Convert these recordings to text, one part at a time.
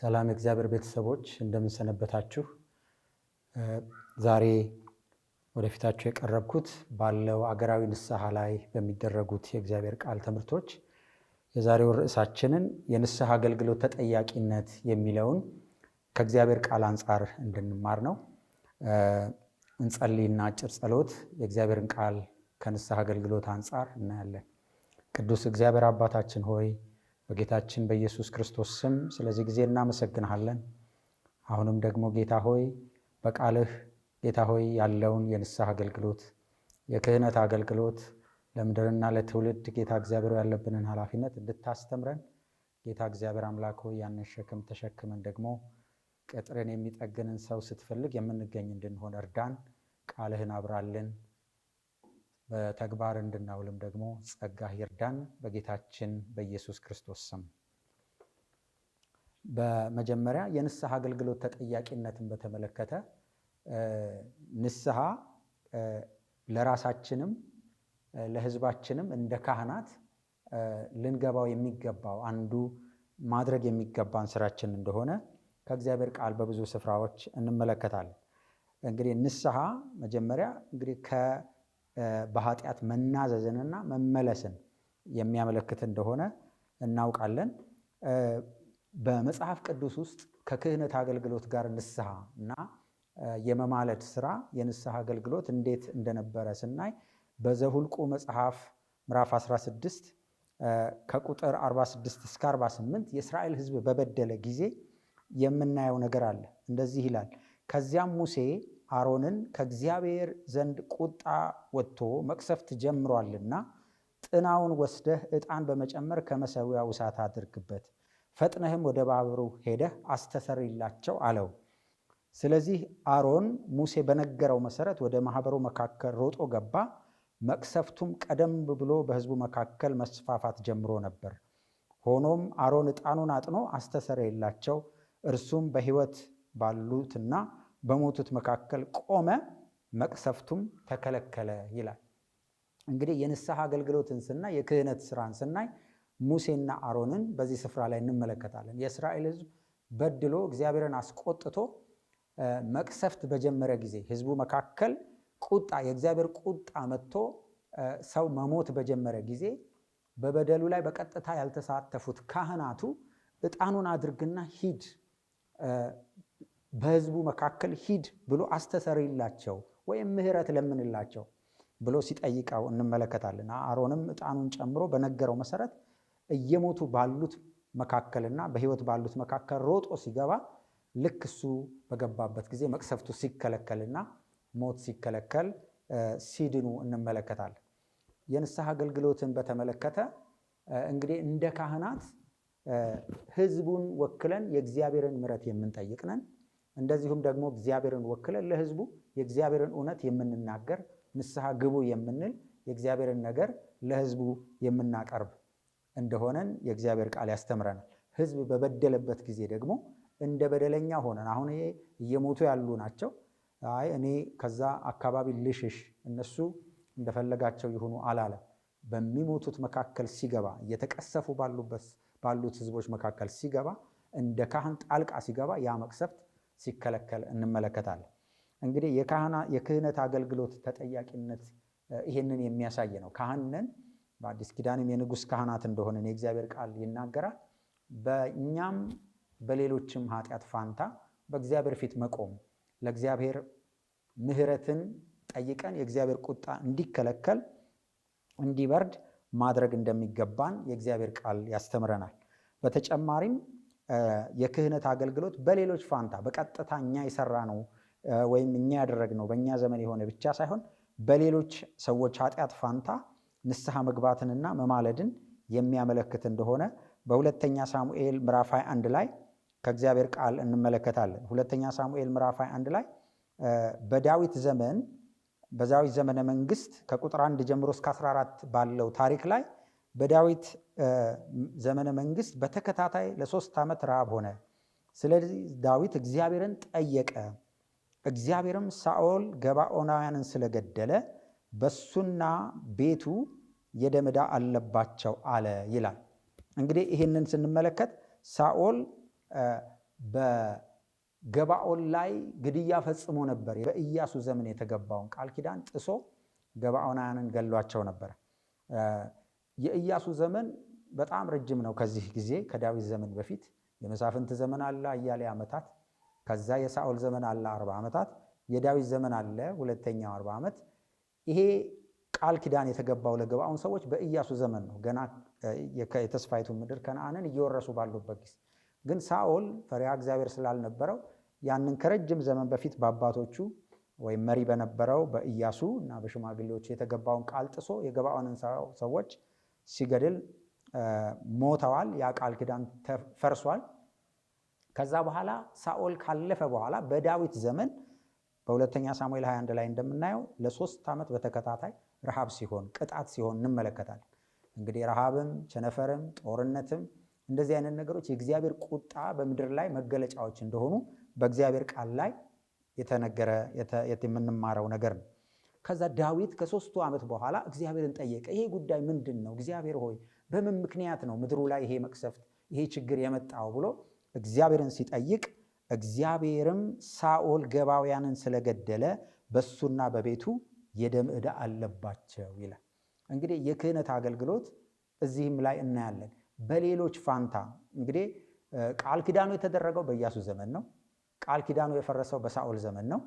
ሰላም እግዚአብሔር ቤተሰቦች እንደምንሰነበታችሁ። ዛሬ ወደፊታችሁ የቀረብኩት ባለው አገራዊ ንስሐ ላይ በሚደረጉት የእግዚአብሔር ቃል ትምህርቶች የዛሬው ርዕሳችንን የንስሐ አገልግሎት ተጠያቂነት የሚለውን ከእግዚአብሔር ቃል አንጻር እንድንማር ነው። እንጸልይና አጭር ጸሎት የእግዚአብሔርን ቃል ከንስሐ አገልግሎት አንጻር እናያለን። ቅዱስ እግዚአብሔር አባታችን ሆይ በጌታችን በኢየሱስ ክርስቶስ ስም ስለዚህ ጊዜ እናመሰግንሃለን። አሁንም ደግሞ ጌታ ሆይ በቃልህ ጌታ ሆይ ያለውን የንስሐ አገልግሎት የክህነት አገልግሎት ለምድርና ለትውልድ ጌታ እግዚአብሔር ያለብንን ኃላፊነት እንድታስተምረን ጌታ እግዚአብሔር አምላክ ሆይ ያንን ሸክም ተሸክመን ደግሞ ቅጥርን የሚጠግንን ሰው ስትፈልግ የምንገኝ እንድንሆን እርዳን። ቃልህን አብራልን። በተግባር እንድናውልም ደግሞ ጸጋ ይርዳን በጌታችን በኢየሱስ ክርስቶስ ስም። በመጀመሪያ የንስሐ አገልግሎት ተጠያቂነትን በተመለከተ ንስሐ ለራሳችንም ለሕዝባችንም እንደ ካህናት ልንገባው የሚገባው አንዱ ማድረግ የሚገባን ስራችን እንደሆነ ከእግዚአብሔር ቃል በብዙ ስፍራዎች እንመለከታለን። እንግዲህ ንስሐ መጀመሪያ እንግዲህ በኃጢአት መናዘዝንና መመለስን የሚያመለክት እንደሆነ እናውቃለን። በመጽሐፍ ቅዱስ ውስጥ ከክህነት አገልግሎት ጋር ንስሐ እና የመማለድ ስራ የንስሐ አገልግሎት እንዴት እንደነበረ ስናይ በዘሁልቁ መጽሐፍ ምዕራፍ 16 ከቁጥር 46 እስከ 48 የእስራኤል ሕዝብ በበደለ ጊዜ የምናየው ነገር አለ። እንደዚህ ይላል። ከዚያም ሙሴ አሮንን ከእግዚአብሔር ዘንድ ቁጣ ወጥቶ መቅሰፍት ጀምሯልና ጥናውን ወስደህ ዕጣን በመጨመር ከመሠዊያው እሳት አድርግበት፣ ፈጥነህም ወደ ባብሩ ሄደህ አስተሰሪላቸው አለው። ስለዚህ አሮን ሙሴ በነገረው መሰረት ወደ ማኅበሩ መካከል ሮጦ ገባ። መቅሰፍቱም ቀደም ብሎ በሕዝቡ መካከል መስፋፋት ጀምሮ ነበር። ሆኖም አሮን ዕጣኑን አጥኖ አስተሰረየላቸው። እርሱም በሕይወት ባሉትና በሞቱት መካከል ቆመ፣ መቅሰፍቱም ተከለከለ ይላል። እንግዲህ የንስሐ አገልግሎትን ስናይ፣ የክህነት ስራን ስናይ ሙሴና አሮንን በዚህ ስፍራ ላይ እንመለከታለን። የእስራኤል ሕዝብ በድሎ እግዚአብሔርን አስቆጥቶ መቅሰፍት በጀመረ ጊዜ ሕዝቡ መካከል ቁጣ የእግዚአብሔር ቁጣ መጥቶ ሰው መሞት በጀመረ ጊዜ በበደሉ ላይ በቀጥታ ያልተሳተፉት ካህናቱ ዕጣኑን አድርግና ሂድ በህዝቡ መካከል ሂድ ብሎ አስተሰሪላቸው ወይም ምህረት ለምንላቸው ብሎ ሲጠይቀው እንመለከታለን። አሮንም ዕጣኑን ጨምሮ በነገረው መሰረት እየሞቱ ባሉት መካከልና በህይወት ባሉት መካከል ሮጦ ሲገባ ልክ እሱ በገባበት ጊዜ መቅሰፍቱ ሲከለከልና ሞት ሲከለከል ሲድኑ እንመለከታል። የንስሐ አገልግሎትን በተመለከተ እንግዲህ እንደ ካህናት ህዝቡን ወክለን የእግዚአብሔርን ምረት የምንጠይቅነን። እንደዚሁም ደግሞ እግዚአብሔርን ወክለን ለህዝቡ የእግዚአብሔርን እውነት የምንናገር ንስሐ ግቡ የምንል የእግዚአብሔርን ነገር ለህዝቡ የምናቀርብ እንደሆነን የእግዚአብሔር ቃል ያስተምረናል። ህዝብ በበደለበት ጊዜ ደግሞ እንደ በደለኛ ሆነን አሁን ይሄ እየሞቱ ያሉ ናቸው። አይ እኔ ከዛ አካባቢ ልሽሽ፣ እነሱ እንደፈለጋቸው ይሁኑ አላለም። በሚሞቱት መካከል ሲገባ እየተቀሰፉ ባሉት ህዝቦች መካከል ሲገባ እንደ ካህን ጣልቃ ሲገባ ያ መቅሰፍት ሲከለከል እንመለከታለን። እንግዲህ የክህነት አገልግሎት ተጠያቂነት ይሄንን የሚያሳይ ነው። ካህንን በአዲስ ኪዳንም የንጉሥ ካህናት እንደሆነ የእግዚአብሔር ቃል ይናገራል። በእኛም በሌሎችም ኃጢአት ፋንታ በእግዚአብሔር ፊት መቆም ለእግዚአብሔር ምሕረትን ጠይቀን የእግዚአብሔር ቁጣ እንዲከለከል እንዲበርድ ማድረግ እንደሚገባን የእግዚአብሔር ቃል ያስተምረናል። በተጨማሪም የክህነት አገልግሎት በሌሎች ፋንታ በቀጥታ እኛ የሰራ ነው ወይም እኛ ያደረግነው በእኛ ዘመን የሆነ ብቻ ሳይሆን በሌሎች ሰዎች ኃጢአት ፋንታ ንስሐ መግባትንና መማለድን የሚያመለክት እንደሆነ በሁለተኛ ሳሙኤል ምዕራፍ 21 ላይ ከእግዚአብሔር ቃል እንመለከታለን። ሁለተኛ ሳሙኤል ምዕራፍ 21 ላይ በዳዊት ዘመን በዳዊት ዘመነ መንግስት ከቁጥር አንድ ጀምሮ እስከ 14 ባለው ታሪክ ላይ በዳዊት ዘመነ መንግስት በተከታታይ ለሶስት ዓመት ረሃብ ሆነ። ስለዚህ ዳዊት እግዚአብሔርን ጠየቀ። እግዚአብሔርም ሳኦል ገባኦናውያንን ስለገደለ በሱና ቤቱ የደም ዕዳ አለባቸው አለ ይላል። እንግዲህ ይህንን ስንመለከት ሳኦል በገባኦን ላይ ግድያ ፈጽሞ ነበር። በኢያሱ ዘመን የተገባውን ቃል ኪዳን ጥሶ ገባኦናውያንን ገሏቸው ነበር። የኢያሱ ዘመን በጣም ረጅም ነው። ከዚህ ጊዜ ከዳዊት ዘመን በፊት የመሳፍንት ዘመን አለ አያሌ ዓመታት። ከዛ የሳኦል ዘመን አለ አርባ ዓመታት። የዳዊት ዘመን አለ ሁለተኛው አርባ ዓመት። ይሄ ቃል ኪዳን የተገባው ለገባውን ሰዎች በኢያሱ ዘመን ነው። ገና የተስፋይቱ ምድር ከነአንን እየወረሱ ባሉበት ጊዜ ግን ሳኦል ፈሪሃ እግዚአብሔር ስላልነበረው ያንን ከረጅም ዘመን በፊት በአባቶቹ ወይም መሪ በነበረው በኢያሱ እና በሽማግሌዎች የተገባውን ቃል ጥሶ የገባውንን ሰዎች ሲገድል ሞተዋል። ያ ቃል ኪዳን ፈርሷል። ከዛ በኋላ ሳኦል ካለፈ በኋላ በዳዊት ዘመን በሁለተኛ ሳሙኤል 21 ላይ እንደምናየው ለሶስት ዓመት በተከታታይ ረሃብ ሲሆን ቅጣት ሲሆን እንመለከታለን። እንግዲህ ረሃብም፣ ቸነፈርም፣ ጦርነትም እንደዚህ አይነት ነገሮች የእግዚአብሔር ቁጣ በምድር ላይ መገለጫዎች እንደሆኑ በእግዚአብሔር ቃል ላይ የተነገረ የምንማረው ነገር ነው። ከዛ ዳዊት ከሶስቱ ዓመት በኋላ እግዚአብሔርን ጠየቀ። ይሄ ጉዳይ ምንድን ነው? እግዚአብሔር ሆይ በምን ምክንያት ነው ምድሩ ላይ ይሄ መቅሰፍት፣ ይሄ ችግር የመጣው ብሎ እግዚአብሔርን ሲጠይቅ እግዚአብሔርም ሳኦል ገባውያንን ስለገደለ በሱና በቤቱ የደም ዕዳ አለባቸው ይላል። እንግዲህ የክህነት አገልግሎት እዚህም ላይ እናያለን። በሌሎች ፋንታ እንግዲህ ቃል ኪዳኑ የተደረገው በኢያሱ ዘመን ነው። ቃል ኪዳኑ የፈረሰው በሳኦል ዘመን ነው።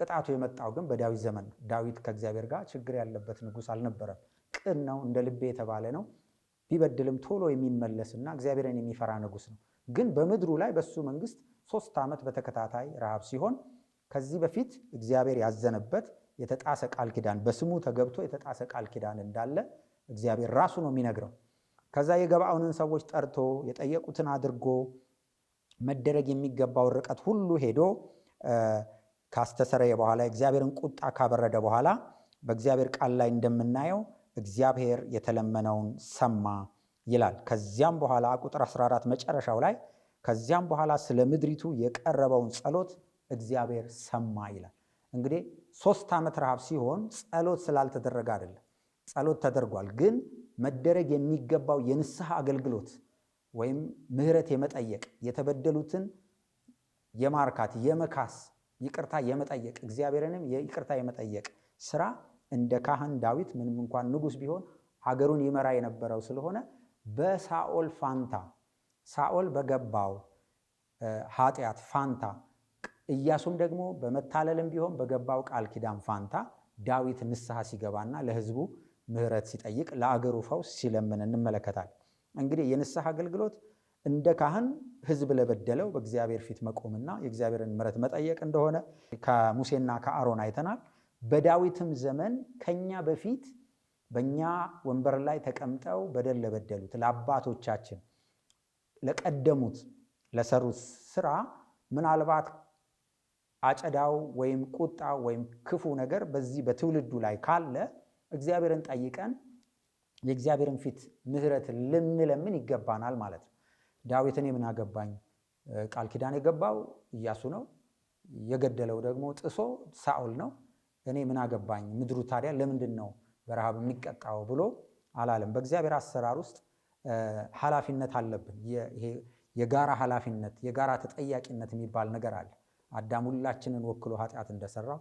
ቅጣቱ የመጣው ግን በዳዊት ዘመን ነው። ዳዊት ከእግዚአብሔር ጋር ችግር ያለበት ንጉስ አልነበረም። ቅን ነው፣ እንደ ልቤ የተባለ ነው። ቢበድልም ቶሎ የሚመለስና እግዚአብሔርን የሚፈራ ንጉስ ነው። ግን በምድሩ ላይ በሱ መንግስት ሶስት ዓመት በተከታታይ ረሃብ ሲሆን ከዚህ በፊት እግዚአብሔር ያዘነበት የተጣሰ ቃል ኪዳን በስሙ ተገብቶ የተጣሰ ቃል ኪዳን እንዳለ እግዚአብሔር ራሱ ነው የሚነግረው። ከዛ የገባዖንን ሰዎች ጠርቶ የጠየቁትን አድርጎ መደረግ የሚገባው ርቀት ሁሉ ሄዶ ካስተሰረየ በኋላ የእግዚአብሔርን ቁጣ ካበረደ በኋላ በእግዚአብሔር ቃል ላይ እንደምናየው እግዚአብሔር የተለመነውን ሰማ ይላል። ከዚያም በኋላ ቁጥር 14 መጨረሻው ላይ ከዚያም በኋላ ስለ ምድሪቱ የቀረበውን ጸሎት እግዚአብሔር ሰማ ይላል። እንግዲህ ሶስት ዓመት ረሃብ ሲሆን ጸሎት ስላልተደረገ አይደለም። ጸሎት ተደርጓል፣ ግን መደረግ የሚገባው የንስሐ አገልግሎት ወይም ምህረት የመጠየቅ የተበደሉትን የማርካት የመካስ ይቅርታ የመጠየቅ እግዚአብሔርንም ይቅርታ የመጠየቅ ስራ እንደ ካህን ዳዊት ምንም እንኳን ንጉስ ቢሆን ሀገሩን ይመራ የነበረው ስለሆነ በሳኦል ፋንታ ሳኦል በገባው ኃጢአት ፋንታ እያሱም ደግሞ በመታለልም ቢሆን በገባው ቃል ኪዳን ፋንታ ዳዊት ንስሐ ሲገባና ለህዝቡ ምሕረት ሲጠይቅ ለአገሩ ፈውስ ሲለምን እንመለከታል። እንግዲህ የንስሐ አገልግሎት እንደ ካህን ህዝብ ለበደለው በእግዚአብሔር ፊት መቆምና የእግዚአብሔርን ምረት መጠየቅ እንደሆነ ከሙሴና ከአሮን አይተናል። በዳዊትም ዘመን ከኛ በፊት በእኛ ወንበር ላይ ተቀምጠው በደል ለበደሉት ለአባቶቻችን ለቀደሙት ለሰሩት ስራ ምናልባት አጨዳው ወይም ቁጣው ወይም ክፉ ነገር በዚህ በትውልዱ ላይ ካለ እግዚአብሔርን ጠይቀን የእግዚአብሔርን ፊት ምህረት ልንለምን ይገባናል ማለት ነው። ዳዊት እኔ ምን አገባኝ፣ ቃል ኪዳን የገባው እያሱ ነው፣ የገደለው ደግሞ ጥሶ ሳኦል ነው። እኔ ምን አገባኝ፣ ምድሩ ታዲያ ለምንድን ነው በረሃብ የሚቀጣው ብሎ አላለም። በእግዚአብሔር አሰራር ውስጥ ኃላፊነት አለብን። የጋራ ኃላፊነት የጋራ ተጠያቂነት የሚባል ነገር አለ። አዳም ሁላችንን ወክሎ ኃጢአት እንደሰራው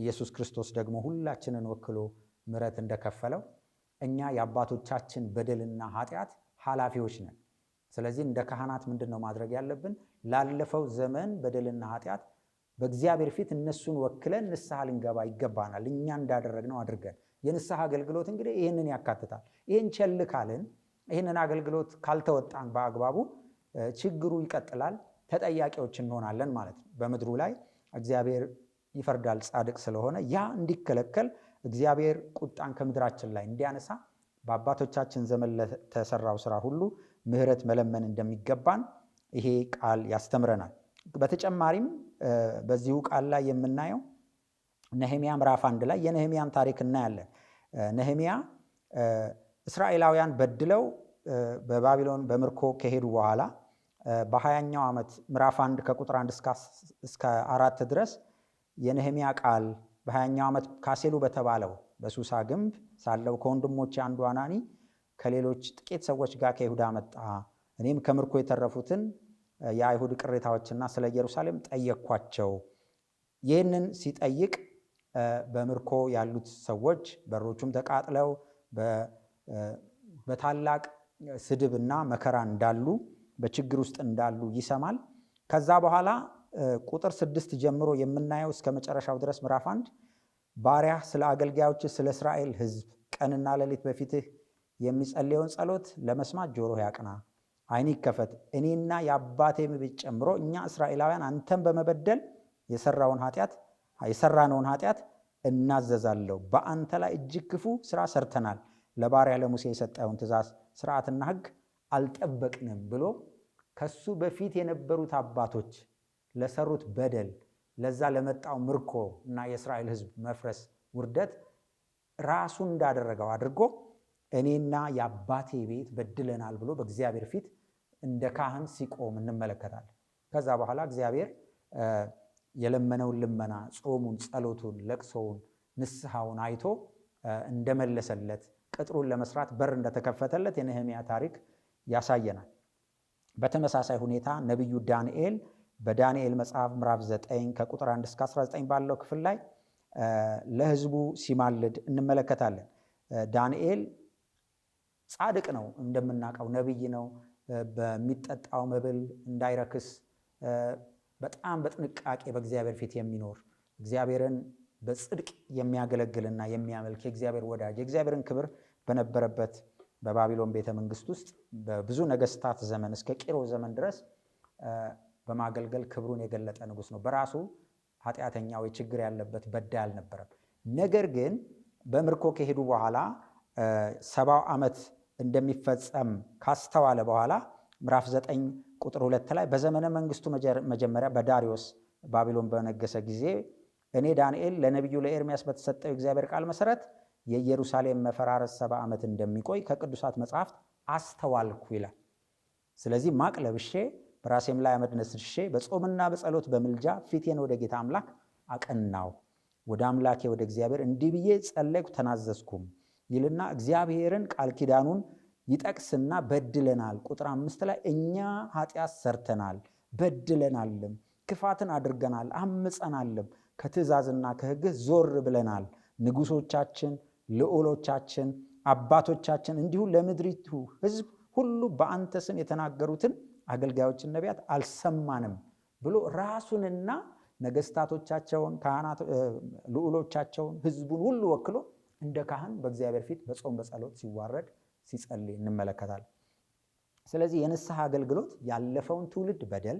ኢየሱስ ክርስቶስ ደግሞ ሁላችንን ወክሎ ምረት እንደከፈለው እኛ የአባቶቻችን በደልና ኃጢአት ኃላፊዎች ነን። ስለዚህ እንደ ካህናት ምንድን ነው ማድረግ ያለብን? ላለፈው ዘመን በደልና ኃጢአት በእግዚአብሔር ፊት እነሱን ወክለን ንስሐ ልንገባ ይገባናል። እኛ እንዳደረግነው አድርገን የንስሐ አገልግሎት እንግዲህ ይህንን ያካትታል። ይህን ቸል ካልን፣ ይህንን አገልግሎት ካልተወጣን በአግባቡ ችግሩ ይቀጥላል፣ ተጠያቂዎች እንሆናለን ማለት ነው። በምድሩ ላይ እግዚአብሔር ይፈርዳል ጻድቅ ስለሆነ። ያ እንዲከለከል እግዚአብሔር ቁጣን ከምድራችን ላይ እንዲያነሳ በአባቶቻችን ዘመን ለተሰራው ስራ ሁሉ ምህረት መለመን እንደሚገባን ይሄ ቃል ያስተምረናል። በተጨማሪም በዚሁ ቃል ላይ የምናየው ነህሚያ ምዕራፍ አንድ ላይ የነህሚያን ታሪክ እናያለን። ነህሚያ እስራኤላውያን በድለው በባቢሎን በምርኮ ከሄዱ በኋላ በሀያኛው ዓመት ምዕራፍ አንድ ከቁጥር አንድ እስከ አራት ድረስ የነህሚያ ቃል በሀያኛው ዓመት ካሴሉ በተባለው በሱሳ ግንብ ሳለው ከወንድሞች አንዱ አናኒ ከሌሎች ጥቂት ሰዎች ጋር ከይሁዳ መጣ። እኔም ከምርኮ የተረፉትን የአይሁድ ቅሬታዎችና ስለ ኢየሩሳሌም ጠየቅኳቸው። ይህንን ሲጠይቅ በምርኮ ያሉት ሰዎች በሮቹም ተቃጥለው በታላቅ ስድብና መከራ እንዳሉ በችግር ውስጥ እንዳሉ ይሰማል። ከዛ በኋላ ቁጥር ስድስት ጀምሮ የምናየው እስከ መጨረሻው ድረስ ምዕራፍ አንድ ባሪያ ስለ አገልጋዮች ስለ እስራኤል ሕዝብ ቀንና ሌሊት በፊትህ የሚጸልየውን ጸሎት ለመስማት ጆሮ ያቅና፣ ዓይን ይከፈት። እኔና የአባቴ ቤት ጨምሮ እኛ እስራኤላውያን አንተን በመበደል የሰራነውን ኃጢአት እናዘዛለሁ። በአንተ ላይ እጅግ ክፉ ስራ ሰርተናል። ለባሪያ ለሙሴ የሰጠውን ትእዛዝ፣ ስርዓትና ህግ አልጠበቅንም ብሎ ከሱ በፊት የነበሩት አባቶች ለሰሩት በደል ለዛ ለመጣው ምርኮ እና የእስራኤል ህዝብ መፍረስ ውርደት ራሱ እንዳደረገው አድርጎ እኔና የአባቴ ቤት በድለናል ብሎ በእግዚአብሔር ፊት እንደ ካህን ሲቆም እንመለከታለን። ከዛ በኋላ እግዚአብሔር የለመነውን ልመና፣ ጾሙን፣ ጸሎቱን፣ ለቅሶውን፣ ንስሐውን አይቶ እንደመለሰለት ቅጥሩን ለመስራት በር እንደተከፈተለት የነህሚያ ታሪክ ያሳየናል። በተመሳሳይ ሁኔታ ነቢዩ ዳንኤል በዳንኤል መጽሐፍ ምዕራፍ 9 ከቁጥር 1 እስከ 19 ባለው ክፍል ላይ ለህዝቡ ሲማልድ እንመለከታለን። ዳንኤል ጻድቅ ነው እንደምናውቀው ነቢይ ነው። በሚጠጣው መብል እንዳይረክስ በጣም በጥንቃቄ በእግዚአብሔር ፊት የሚኖር እግዚአብሔርን በጽድቅ የሚያገለግልና የሚያመልክ የእግዚአብሔር ወዳጅ የእግዚአብሔርን ክብር በነበረበት በባቢሎን ቤተ መንግስት ውስጥ በብዙ ነገስታት ዘመን እስከ ቂሮ ዘመን ድረስ በማገልገል ክብሩን የገለጠ ንጉስ ነው። በራሱ ኃጢአተኛው ችግር ያለበት በዳ አልነበረም። ነገር ግን በምርኮ ከሄዱ በኋላ ሰባው ዓመት እንደሚፈጸም ካስተዋለ በኋላ ምዕራፍ 9 ቁጥር ሁለት ላይ በዘመነ መንግስቱ መጀመሪያ በዳሪዮስ ባቢሎን በነገሰ ጊዜ እኔ ዳንኤል ለነቢዩ ለኤርሚያስ በተሰጠው እግዚአብሔር ቃል መሰረት የኢየሩሳሌም መፈራረስ ሰባ ዓመት እንደሚቆይ ከቅዱሳት መጽሐፍት አስተዋልኩ ይላል። ስለዚህ ማቅ ለብሼ በራሴም ላይ አመድ ነስሼ በጾምና በጸሎት በምልጃ ፊቴን ወደ ጌታ አምላክ አቀናው። ወደ አምላኬ ወደ እግዚአብሔር እንዲህ ብዬ ጸለይኩ ተናዘዝኩም ይልና እግዚአብሔርን ቃል ኪዳኑን ይጠቅስና በድለናል፣ ቁጥር አምስት ላይ እኛ ኃጢአት ሰርተናል፣ በድለናልም፣ ክፋትን አድርገናል፣ አምፀናልም፣ ከትእዛዝና ከሕግህ ዞር ብለናል። ንጉሶቻችን፣ ልዑሎቻችን፣ አባቶቻችን እንዲሁ ለምድሪቱ ሕዝብ ሁሉ በአንተ ስም የተናገሩትን አገልጋዮችን ነቢያት አልሰማንም ብሎ ራሱንና ነገስታቶቻቸውን፣ ልዑሎቻቸውን፣ ሕዝቡን ሁሉ ወክሎ እንደ ካህን በእግዚአብሔር ፊት በጾም በጸሎት ሲዋረድ ሲጸልይ እንመለከታል። ስለዚህ የንስሐ አገልግሎት ያለፈውን ትውልድ በደል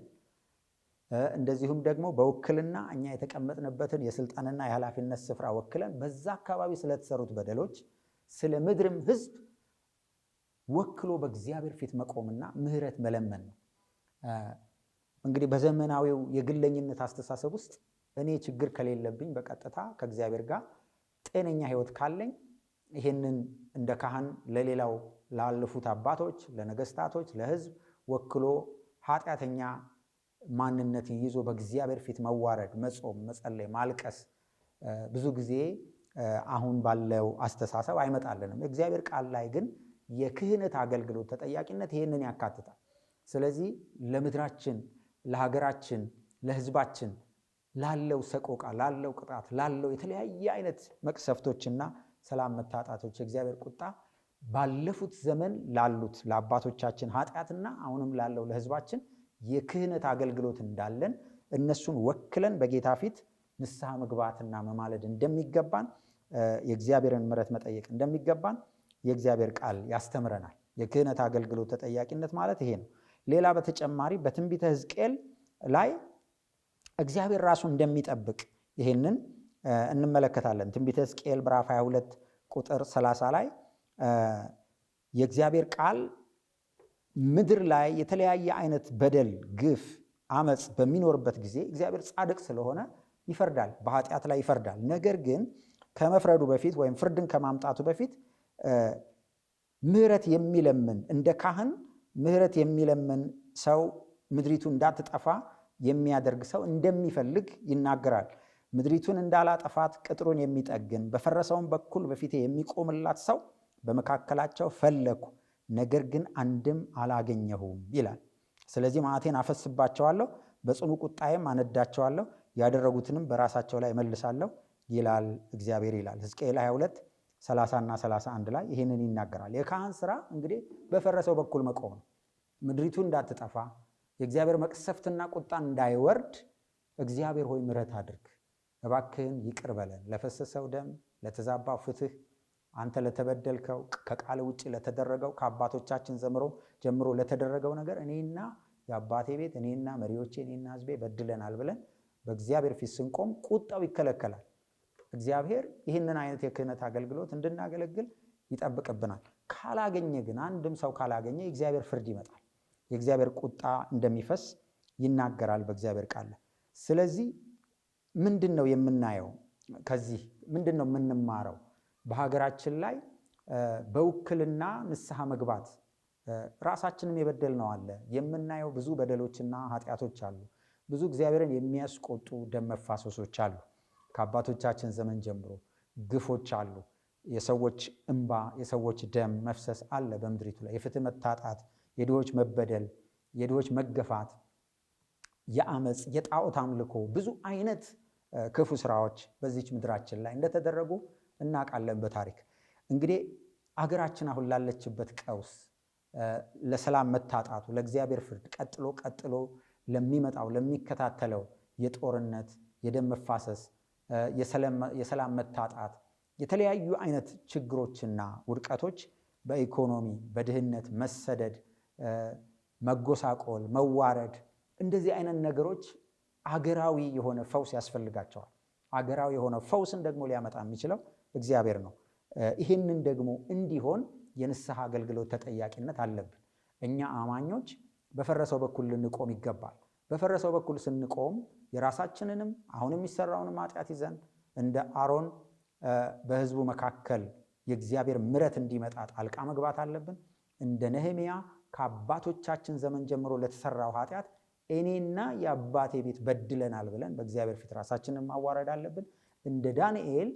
እንደዚሁም ደግሞ በውክልና እኛ የተቀመጥንበትን የስልጣንና የኃላፊነት ስፍራ ወክለን በዛ አካባቢ ስለተሰሩት በደሎች ስለ ምድርም ሕዝብ ወክሎ በእግዚአብሔር ፊት መቆምና ምሕረት መለመን ነው። እንግዲህ በዘመናዊው የግለኝነት አስተሳሰብ ውስጥ እኔ ችግር ከሌለብኝ በቀጥታ ከእግዚአብሔር ጋር ጤነኛ ህይወት ካለኝ ይህንን እንደ ካህን ለሌላው ላለፉት አባቶች፣ ለነገስታቶች፣ ለህዝብ ወክሎ ኃጢአተኛ ማንነትን ይዞ በእግዚአብሔር ፊት መዋረድ፣ መጾም፣ መጸለይ፣ ማልቀስ ብዙ ጊዜ አሁን ባለው አስተሳሰብ አይመጣልንም። እግዚአብሔር ቃል ላይ ግን የክህነት አገልግሎት ተጠያቂነት ይህንን ያካትታል። ስለዚህ ለምድራችን፣ ለሀገራችን፣ ለህዝባችን ላለው ሰቆቃ፣ ላለው ቅጣት፣ ላለው የተለያየ አይነት መቅሰፍቶችና ሰላም መታጣቶች የእግዚአብሔር ቁጣ ባለፉት ዘመን ላሉት ለአባቶቻችን ኃጢአትና አሁንም ላለው ለሕዝባችን የክህነት አገልግሎት እንዳለን እነሱን ወክለን በጌታ ፊት ንስሐ መግባትና መማለድ እንደሚገባን የእግዚአብሔርን ምሕረት መጠየቅ እንደሚገባን የእግዚአብሔር ቃል ያስተምረናል። የክህነት አገልግሎት ተጠያቂነት ማለት ይሄ ነው። ሌላ በተጨማሪ በትንቢተ ሕዝቅኤል ላይ እግዚአብሔር ራሱ እንደሚጠብቅ ይህንን እንመለከታለን። ትንቢተ ሕዝቅኤል ምዕራፍ 22 ቁጥር 30 ላይ የእግዚአብሔር ቃል ምድር ላይ የተለያየ አይነት በደል፣ ግፍ፣ አመፅ በሚኖርበት ጊዜ እግዚአብሔር ጻድቅ ስለሆነ ይፈርዳል፣ በኃጢአት ላይ ይፈርዳል። ነገር ግን ከመፍረዱ በፊት ወይም ፍርድን ከማምጣቱ በፊት ምሕረት የሚለምን እንደ ካህን ምሕረት የሚለምን ሰው ምድሪቱ እንዳትጠፋ የሚያደርግ ሰው እንደሚፈልግ ይናገራል። ምድሪቱን እንዳላጠፋት ቅጥሩን የሚጠግን በፈረሰውን በኩል በፊቴ የሚቆምላት ሰው በመካከላቸው ፈለኩ፣ ነገር ግን አንድም አላገኘሁም ይላል። ስለዚህ መዓቴን አፈስባቸዋለሁ፣ በጽኑ ቁጣዬም አነዳቸዋለሁ፣ ያደረጉትንም በራሳቸው ላይ መልሳለሁ ይላል እግዚአብሔር ይላል። ሕዝቅኤል 22 30ና 31 ላይ ይህንን ይናገራል። የካህን ስራ እንግዲህ በፈረሰው በኩል መቆም ነው፣ ምድሪቱ እንዳትጠፋ የእግዚአብሔር መቅሰፍትና ቁጣ እንዳይወርድ እግዚአብሔር ሆይ ምረት አድርግ፣ እባክህን ይቅር በለን። ለፈሰሰው ደም፣ ለተዛባው ፍትህ፣ አንተ ለተበደልከው፣ ከቃል ውጭ ለተደረገው፣ ከአባቶቻችን ዘምሮ ጀምሮ ለተደረገው ነገር እኔና የአባቴ ቤት እኔና መሪዎቼ እኔና ሕዝቤ በድለናል ብለን በእግዚአብሔር ፊት ስንቆም ቁጣው ይከለከላል። እግዚአብሔር ይህንን አይነት የክህነት አገልግሎት እንድናገለግል ይጠብቅብናል። ካላገኘ ግን አንድም ሰው ካላገኘ የእግዚአብሔር ፍርድ ይመጣል። የእግዚአብሔር ቁጣ እንደሚፈስ ይናገራል በእግዚአብሔር ቃል። ስለዚህ ምንድን ነው የምናየው? ከዚህ ምንድን ነው የምንማረው? በሀገራችን ላይ በውክልና ንስሐ መግባት ራሳችንም የበደል ነው አለ የምናየው ብዙ በደሎችና ኃጢአቶች አሉ። ብዙ እግዚአብሔርን የሚያስቆጡ ደም መፋሰሶች አሉ። ከአባቶቻችን ዘመን ጀምሮ ግፎች አሉ። የሰዎች እንባ፣ የሰዎች ደም መፍሰስ አለ በምድሪቱ ላይ የፍትህ መታጣት የድሆች መበደል፣ የድሆች መገፋት፣ የአመፅ፣ የጣዖት አምልኮ ብዙ አይነት ክፉ ስራዎች በዚች ምድራችን ላይ እንደተደረጉ እናውቃለን በታሪክ እንግዲህ አገራችን አሁን ላለችበት ቀውስ ለሰላም መታጣቱ ለእግዚአብሔር ፍርድ ቀጥሎ ቀጥሎ ለሚመጣው ለሚከታተለው የጦርነት የደም መፋሰስ የሰላም መታጣት የተለያዩ አይነት ችግሮችና ውድቀቶች በኢኮኖሚ በድህነት መሰደድ መጎሳቆል፣ መዋረድ እንደዚህ አይነት ነገሮች አገራዊ የሆነ ፈውስ ያስፈልጋቸዋል። አገራዊ የሆነ ፈውስን ደግሞ ሊያመጣ የሚችለው እግዚአብሔር ነው። ይህንን ደግሞ እንዲሆን የንስሐ አገልግሎት ተጠያቂነት አለብን። እኛ አማኞች በፈረሰው በኩል ልንቆም ይገባል። በፈረሰው በኩል ስንቆም የራሳችንንም አሁን የሚሰራውንም ኃጢአት ይዘን እንደ አሮን በህዝቡ መካከል የእግዚአብሔር ምረት እንዲመጣ ጣልቃ መግባት አለብን። እንደ ነህሚያ ከአባቶቻችን ዘመን ጀምሮ ለተሰራው ኃጢአት እኔና የአባቴ ቤት በድለናል ብለን በእግዚአብሔር ፊት ራሳችንን ማዋረድ አለብን። እንደ ዳንኤል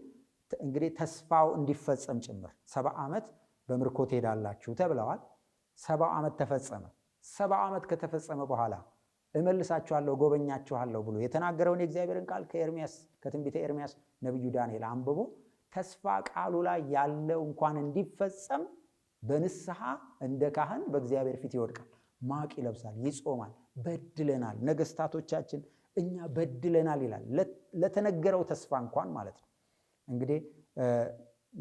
እንግዲህ ተስፋው እንዲፈጸም ጭምር ሰባ ዓመት በምርኮ ትሄዳላችሁ ተብለዋል። ሰባ ዓመት ተፈጸመ። ሰባ ዓመት ከተፈጸመ በኋላ እመልሳችኋለሁ፣ ጎበኛችኋለሁ ብሎ የተናገረውን የእግዚአብሔርን ቃል ከኤርሚያስ ከትንቢተ ኤርሚያስ ነቢዩ ዳንኤል አንብቦ ተስፋ ቃሉ ላይ ያለው እንኳን እንዲፈጸም በንስሐ እንደ ካህን በእግዚአብሔር ፊት ይወድቃል፣ ማቅ ይለብሳል፣ ይጾማል። በድለናል፣ ነገስታቶቻችን እኛ በድለናል ይላል፣ ለተነገረው ተስፋ እንኳን ማለት ነው። እንግዲህ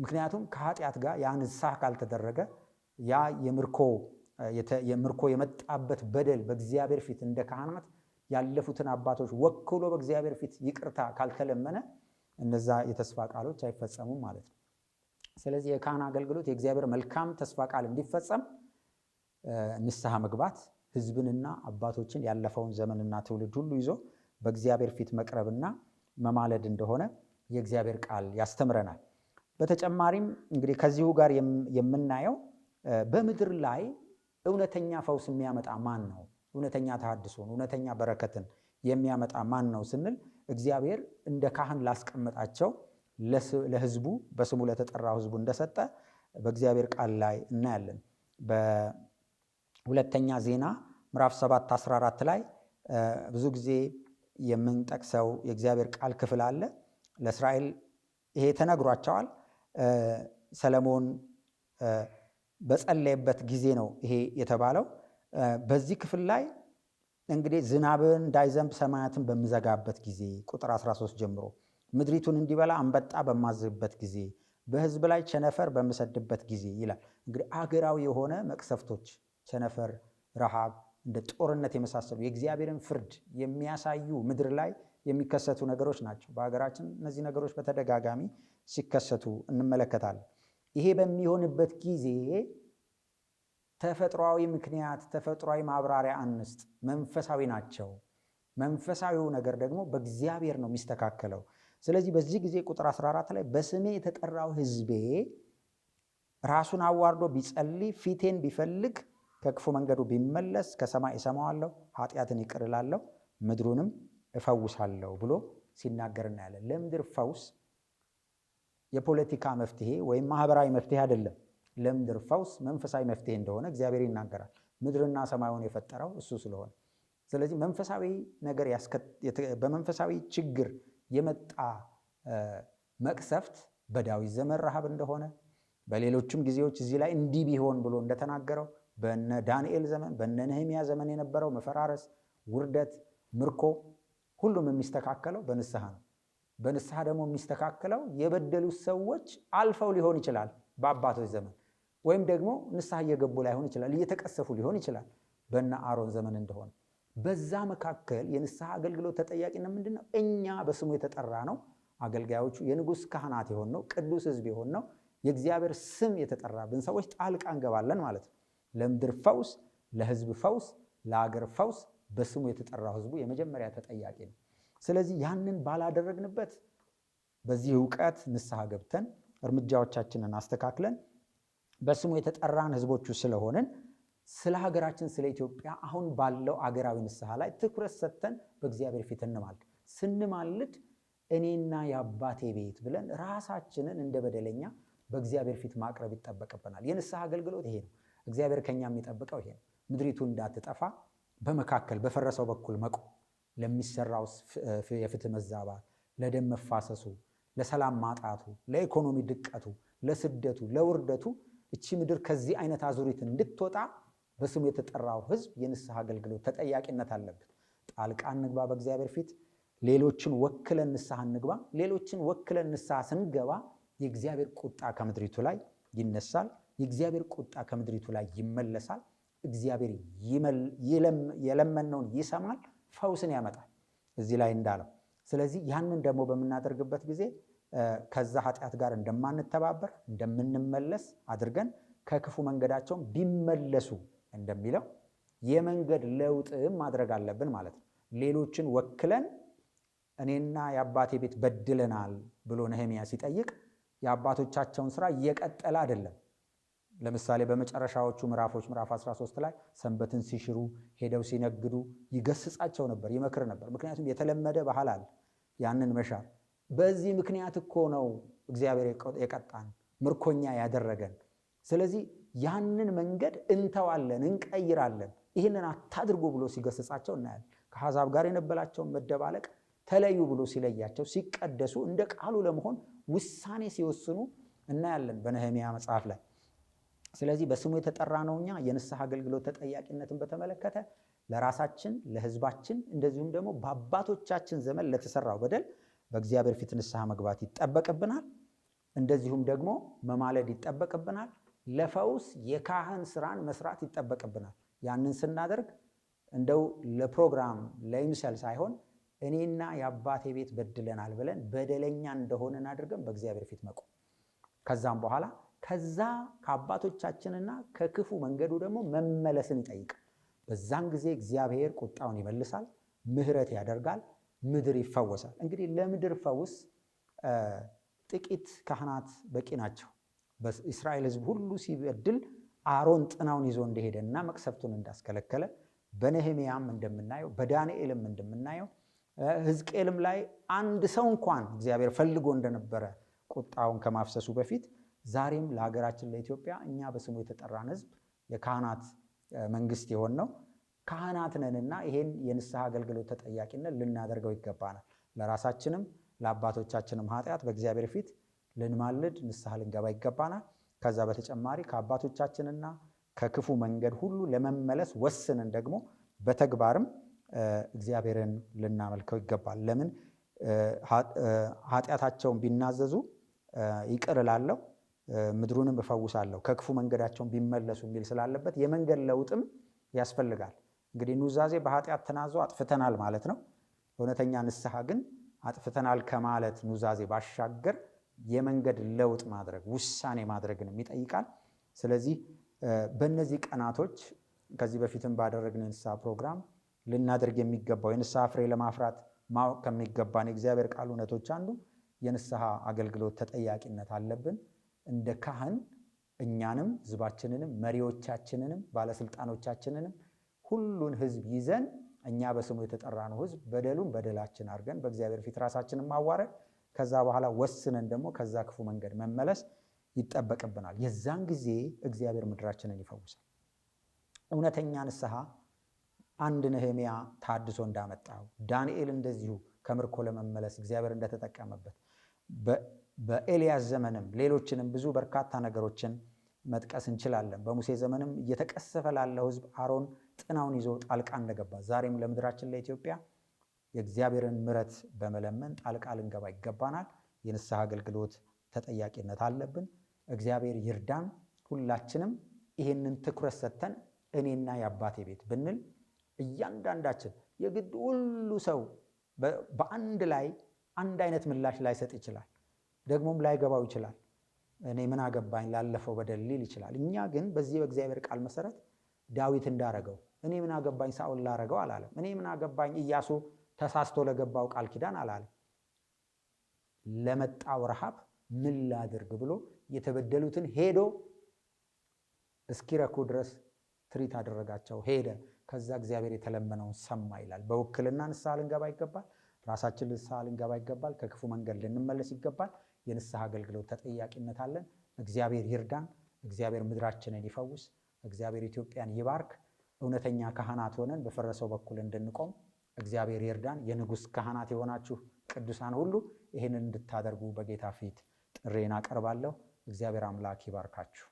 ምክንያቱም ከኃጢአት ጋር ያ ንስሐ ካልተደረገ ያ የምርኮ የምርኮ የመጣበት በደል በእግዚአብሔር ፊት እንደ ካህናት ያለፉትን አባቶች ወክሎ በእግዚአብሔር ፊት ይቅርታ ካልተለመነ እነዛ የተስፋ ቃሎች አይፈጸሙም ማለት ነው። ስለዚህ የካህን አገልግሎት የእግዚአብሔር መልካም ተስፋ ቃል እንዲፈጸም ንስሐ መግባት ህዝብንና አባቶችን ያለፈውን ዘመንና ትውልድ ሁሉ ይዞ በእግዚአብሔር ፊት መቅረብና መማለድ እንደሆነ የእግዚአብሔር ቃል ያስተምረናል። በተጨማሪም እንግዲህ ከዚሁ ጋር የምናየው በምድር ላይ እውነተኛ ፈውስ የሚያመጣ ማን ነው? እውነተኛ ተሃድሶን እውነተኛ በረከትን የሚያመጣ ማን ነው ስንል እግዚአብሔር እንደ ካህን ላስቀመጣቸው ለህዝቡ በስሙ ለተጠራው ህዝቡ እንደሰጠ በእግዚአብሔር ቃል ላይ እናያለን። በሁለተኛ ዜና ምዕራፍ 7 14 ላይ ብዙ ጊዜ የምንጠቅሰው የእግዚአብሔር ቃል ክፍል አለ። ለእስራኤል ይሄ ተነግሯቸዋል። ሰለሞን በጸለየበት ጊዜ ነው ይሄ የተባለው። በዚህ ክፍል ላይ እንግዲህ ዝናብን እንዳይዘንብ ሰማያትን በምዘጋበት ጊዜ ቁጥር 13 ጀምሮ ምድሪቱን እንዲበላ አንበጣ በማዝብበት ጊዜ፣ በህዝብ ላይ ቸነፈር በምሰድበት ጊዜ ይላል። እንግዲህ አገራዊ የሆነ መቅሰፍቶች ቸነፈር፣ ረሃብ፣ እንደ ጦርነት የመሳሰሉ የእግዚአብሔርን ፍርድ የሚያሳዩ ምድር ላይ የሚከሰቱ ነገሮች ናቸው። በሀገራችን እነዚህ ነገሮች በተደጋጋሚ ሲከሰቱ እንመለከታለን። ይሄ በሚሆንበት ጊዜ ተፈጥሯዊ ምክንያት ተፈጥሯዊ ማብራሪያ አንስት መንፈሳዊ ናቸው። መንፈሳዊው ነገር ደግሞ በእግዚአብሔር ነው የሚስተካከለው። ስለዚህ በዚህ ጊዜ ቁጥር 14 ላይ በስሜ የተጠራው ህዝቤ ራሱን አዋርዶ ቢጸልይ ፊቴን ቢፈልግ ከክፉ መንገዱ ቢመለስ ከሰማይ እሰማዋለሁ፣ ኃጢአትን ይቅር እላለሁ፣ ምድሩንም እፈውሳለሁ ብሎ ሲናገር እናያለን። ለምድር ፈውስ የፖለቲካ መፍትሄ ወይም ማህበራዊ መፍትሄ አይደለም። ለምድር ፈውስ መንፈሳዊ መፍትሄ እንደሆነ እግዚአብሔር ይናገራል። ምድርና ሰማዩን የፈጠረው እሱ ስለሆነ ስለዚህ መንፈሳዊ ነገር በመንፈሳዊ ችግር የመጣ መቅሰፍት በዳዊት ዘመን ረሃብ እንደሆነ በሌሎችም ጊዜዎች እዚህ ላይ እንዲህ ቢሆን ብሎ እንደተናገረው በነ ዳንኤል ዘመን በነ ነህሚያ ዘመን የነበረው መፈራረስ፣ ውርደት፣ ምርኮ ሁሉም የሚስተካከለው በንስሐ ነው። በንስሐ ደግሞ የሚስተካከለው የበደሉት ሰዎች አልፈው ሊሆን ይችላል በአባቶች ዘመን ወይም ደግሞ ንስሐ እየገቡ ላይሆን ይችላል እየተቀሰፉ ሊሆን ይችላል በነ አሮን ዘመን እንደሆነ በዛ መካከል የንስሐ አገልግሎት ተጠያቂነት ምንድን ነው? እኛ በስሙ የተጠራ ነው፣ አገልጋዮቹ የንጉሥ ካህናት የሆን ነው፣ ቅዱስ ሕዝብ የሆን ነው። የእግዚአብሔር ስም የተጠራብን ሰዎች ጣልቃ እንገባለን ማለት ነው። ለምድር ፈውስ፣ ለሕዝብ ፈውስ፣ ለአገር ፈውስ በስሙ የተጠራው ሕዝቡ የመጀመሪያ ተጠያቂ ነው። ስለዚህ ያንን ባላደረግንበት በዚህ እውቀት ንስሐ ገብተን እርምጃዎቻችንን አስተካክለን በስሙ የተጠራን ሕዝቦቹ ስለሆንን ስለ ሀገራችን ስለ ኢትዮጵያ አሁን ባለው አገራዊ ንስሐ ላይ ትኩረት ሰጥተን በእግዚአብሔር ፊት እንማልድ። ስንማልድ እኔና የአባቴ ቤት ብለን ራሳችንን እንደ በደለኛ በእግዚአብሔር ፊት ማቅረብ ይጠበቅብናል። የንስሐ አገልግሎት ይሄ ነው። እግዚአብሔር ከኛ የሚጠብቀው ይሄ ነው። ምድሪቱ እንዳትጠፋ በመካከል በፈረሰው በኩል መቆ ለሚሰራው የፍትህ መዛባት፣ ለደም መፋሰሱ፣ ለሰላም ማጣቱ፣ ለኢኮኖሚ ድቀቱ፣ ለስደቱ፣ ለውርደቱ እቺ ምድር ከዚህ አይነት አዙሪት እንድትወጣ በስሙ የተጠራው ህዝብ የንስሐ አገልግሎት ተጠያቂነት አለበት። ጣልቃ እንግባ በእግዚአብሔር ፊት። ሌሎችን ወክለን ንስሐ እንግባ። ሌሎችን ወክለን ንስሐ ስንገባ የእግዚአብሔር ቁጣ ከምድሪቱ ላይ ይነሳል። የእግዚአብሔር ቁጣ ከምድሪቱ ላይ ይመለሳል። እግዚአብሔር የለመነውን ይሰማል፣ ፈውስን ያመጣል። እዚህ ላይ እንዳለው ስለዚህ ያንን ደግሞ በምናደርግበት ጊዜ ከዛ ኃጢአት ጋር እንደማንተባበር እንደምንመለስ አድርገን ከክፉ መንገዳቸውም ቢመለሱ እንደሚለው የመንገድ ለውጥም ማድረግ አለብን ማለት ነው። ሌሎችን ወክለን እኔና የአባቴ ቤት በድለናል ብሎ ነህሚያ ሲጠይቅ የአባቶቻቸውን ስራ እየቀጠለ አይደለም። ለምሳሌ በመጨረሻዎቹ ምዕራፎች ምዕራፍ 13 ላይ ሰንበትን ሲሽሩ ሄደው ሲነግዱ ይገስጻቸው ነበር፣ ይመክር ነበር። ምክንያቱም የተለመደ ባህል አለ ያንን መሻር። በዚህ ምክንያት እኮ ነው እግዚአብሔር የቀጣን ምርኮኛ ያደረገን። ስለዚህ ያንን መንገድ እንተዋለን፣ እንቀይራለን፣ ይህንን አታድርጉ ብሎ ሲገስጻቸው እናያለን። ከአሕዛብ ጋር የነበላቸውን መደባለቅ ተለዩ ብሎ ሲለያቸው፣ ሲቀደሱ፣ እንደ ቃሉ ለመሆን ውሳኔ ሲወስኑ እናያለን በነህሚያ መጽሐፍ ላይ። ስለዚህ በስሙ የተጠራ ነው እኛ የንስሐ አገልግሎት ተጠያቂነትን በተመለከተ ለራሳችን ለህዝባችን እንደዚሁም ደግሞ በአባቶቻችን ዘመን ለተሰራው በደል በእግዚአብሔር ፊት ንስሐ መግባት ይጠበቅብናል። እንደዚሁም ደግሞ መማለድ ይጠበቅብናል። ለፈውስ የካህን ስራን መስራት ይጠበቅብናል። ያንን ስናደርግ እንደው ለፕሮግራም ለይምሰል ሳይሆን እኔና የአባቴ ቤት በድለናል ብለን በደለኛ እንደሆነን አድርገን በእግዚአብሔር ፊት መቆም ከዛም በኋላ ከዛ ከአባቶቻችንና ከክፉ መንገዱ ደግሞ መመለስን ይጠይቃል። በዛን ጊዜ እግዚአብሔር ቁጣውን ይመልሳል፣ ምሕረት ያደርጋል፣ ምድር ይፈወሳል። እንግዲህ ለምድር ፈውስ ጥቂት ካህናት በቂ ናቸው። በእስራኤል ሕዝብ ሁሉ ሲበድል አሮን ጥናውን ይዞ እንደሄደና መቅሰፍቱን እንዳስከለከለ በነህምያም እንደምናየው በዳንኤልም እንደምናየው ሕዝቅኤልም ላይ አንድ ሰው እንኳን እግዚአብሔር ፈልጎ እንደነበረ ቁጣውን ከማፍሰሱ በፊት ዛሬም ለሀገራችን ለኢትዮጵያ እኛ በስሙ የተጠራን ሕዝብ የካህናት መንግስት የሆን ነው ካህናት ነንና ይሄን የንስሐ አገልግሎት ተጠያቂነት ልናደርገው ይገባናል። ለራሳችንም ለአባቶቻችንም ኃጢአት በእግዚአብሔር ፊት ልንማልድ ንስሐ ልንገባ ይገባናል። ከዛ በተጨማሪ ከአባቶቻችንና ከክፉ መንገድ ሁሉ ለመመለስ ወስንን ደግሞ በተግባርም እግዚአብሔርን ልናመልከው ይገባል። ለምን ኃጢአታቸውን ቢናዘዙ ይቅር እላለሁ ምድሩንም እፈውሳለሁ ከክፉ መንገዳቸውን ቢመለሱ የሚል ስላለበት የመንገድ ለውጥም ያስፈልጋል። እንግዲህ ኑዛዜ በኃጢአት ተናዞ አጥፍተናል ማለት ነው። እውነተኛ ንስሐ ግን አጥፍተናል ከማለት ኑዛዜ ባሻገር የመንገድ ለውጥ ማድረግ ውሳኔ ማድረግንም ይጠይቃል። ስለዚህ በእነዚህ ቀናቶች ከዚህ በፊትም ባደረግን የንስሐ ፕሮግራም ልናደርግ የሚገባው የንስሐ ፍሬ ለማፍራት ማወቅ ከሚገባን የእግዚአብሔር ቃል እውነቶች አንዱ የንስሐ አገልግሎት ተጠያቂነት አለብን። እንደ ካህን እኛንም ህዝባችንንም መሪዎቻችንንም ባለስልጣኖቻችንንም ሁሉን ህዝብ ይዘን እኛ በስሙ የተጠራነው ህዝብ በደሉን በደላችን አድርገን በእግዚአብሔር ፊት ራሳችንን ማዋረድ ከዛ በኋላ ወስነን ደግሞ ከዛ ክፉ መንገድ መመለስ ይጠበቅብናል። የዛን ጊዜ እግዚአብሔር ምድራችንን ይፈውሳል። እውነተኛ ንስሐ አንድ ነህምያ ታድሶ እንዳመጣው ዳንኤል እንደዚሁ ከምርኮ ለመመለስ እግዚአብሔር እንደተጠቀመበት በኤልያስ ዘመንም ሌሎችንም ብዙ በርካታ ነገሮችን መጥቀስ እንችላለን። በሙሴ ዘመንም እየተቀሰፈ ላለው ሕዝብ አሮን ጥናውን ይዞ ጣልቃ እንደገባ ዛሬም ለምድራችን ለኢትዮጵያ የእግዚአብሔርን ምረት በመለመን ጣልቃ ልንገባ ይገባናል። የንስሐ አገልግሎት ተጠያቂነት አለብን። እግዚአብሔር ይርዳን። ሁላችንም ይህንን ትኩረት ሰጥተን እኔና የአባቴ ቤት ብንል እያንዳንዳችን የግድ ሁሉ ሰው በአንድ ላይ አንድ አይነት ምላሽ ላይሰጥ ይችላል። ደግሞም ላይገባው ይችላል። እኔ ምን አገባኝ ላለፈው በደል ሊል ይችላል። እኛ ግን በዚህ በእግዚአብሔር ቃል መሰረት ዳዊት እንዳረገው እኔ ምን አገባኝ ሳኦል ላረገው አላለም። እኔ ምን አገባኝ እያሱ ተሳስቶ ለገባው ቃል ኪዳን አላለም። ለመጣው ረሃብ ምን ላድርግ ብሎ የተበደሉትን ሄዶ እስኪረኩ ድረስ ትሪት አደረጋቸው። ሄደ። ከዛ እግዚአብሔር የተለመነውን ሰማ ይላል። በውክልና ንስሐ ልንገባ ይገባል። ራሳችን ንስሐ ልንገባ ይገባል። ከክፉ መንገድ ልንመለስ ይገባል። የንስሐ አገልግሎት ተጠያቂነት አለን። እግዚአብሔር ይርዳን። እግዚአብሔር ምድራችንን ይፈውስ። እግዚአብሔር ኢትዮጵያን ይባርክ። እውነተኛ ካህናት ሆነን በፈረሰው በኩል እንድንቆም እግዚአብሔር ይርዳን። የንጉሥ ካህናት የሆናችሁ ቅዱሳን ሁሉ ይህንን እንድታደርጉ በጌታ ፊት ጥሬን አቀርባለሁ። እግዚአብሔር አምላክ ይባርካችሁ።